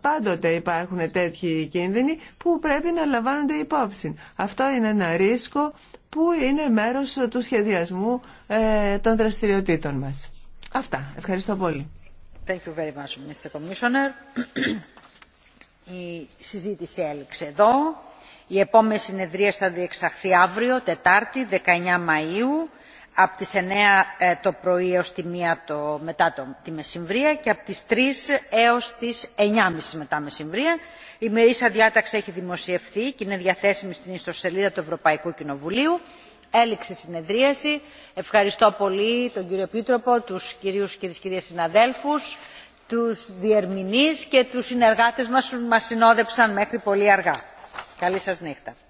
Πάντοτε υπάρχουν τέτοιοι κίνδυνοι που πρέπει να λαμβάνονται υπόψη. Αυτό είναι ένα ρίσκο που είναι μέρος του σχεδιασμού ε, των δραστηριοτήτων μας. Αυτά. Ευχαριστώ πολύ. Thank you very much, Mr. Commissioner. Η συζήτηση έληξε εδώ. Η επόμενη συνεδρία θα διεξαχθεί αύριο, Τετάρτη, 19 Μαΐου από τις 9 ε, το πρωί έως τη 1 μετά τη μεσημβρία και από τις 3 έως τις 9.30 μετά μεσημβρία. Η μερίσια διάταξη έχει δημοσιευθεί και είναι διαθέσιμη στην ιστοσελίδα του Ευρωπαϊκού Κοινοβουλίου. Έληξη συνεδρίαση. Ευχαριστώ πολύ τον κύριο Πίτροπο, τους κυρίους και τις κυρίες συναδέλφους, τους διερμηνείς και τους συνεργάτες μας που μας συνόδεψαν μέχρι πολύ αργά. Καλή σας νύχτα.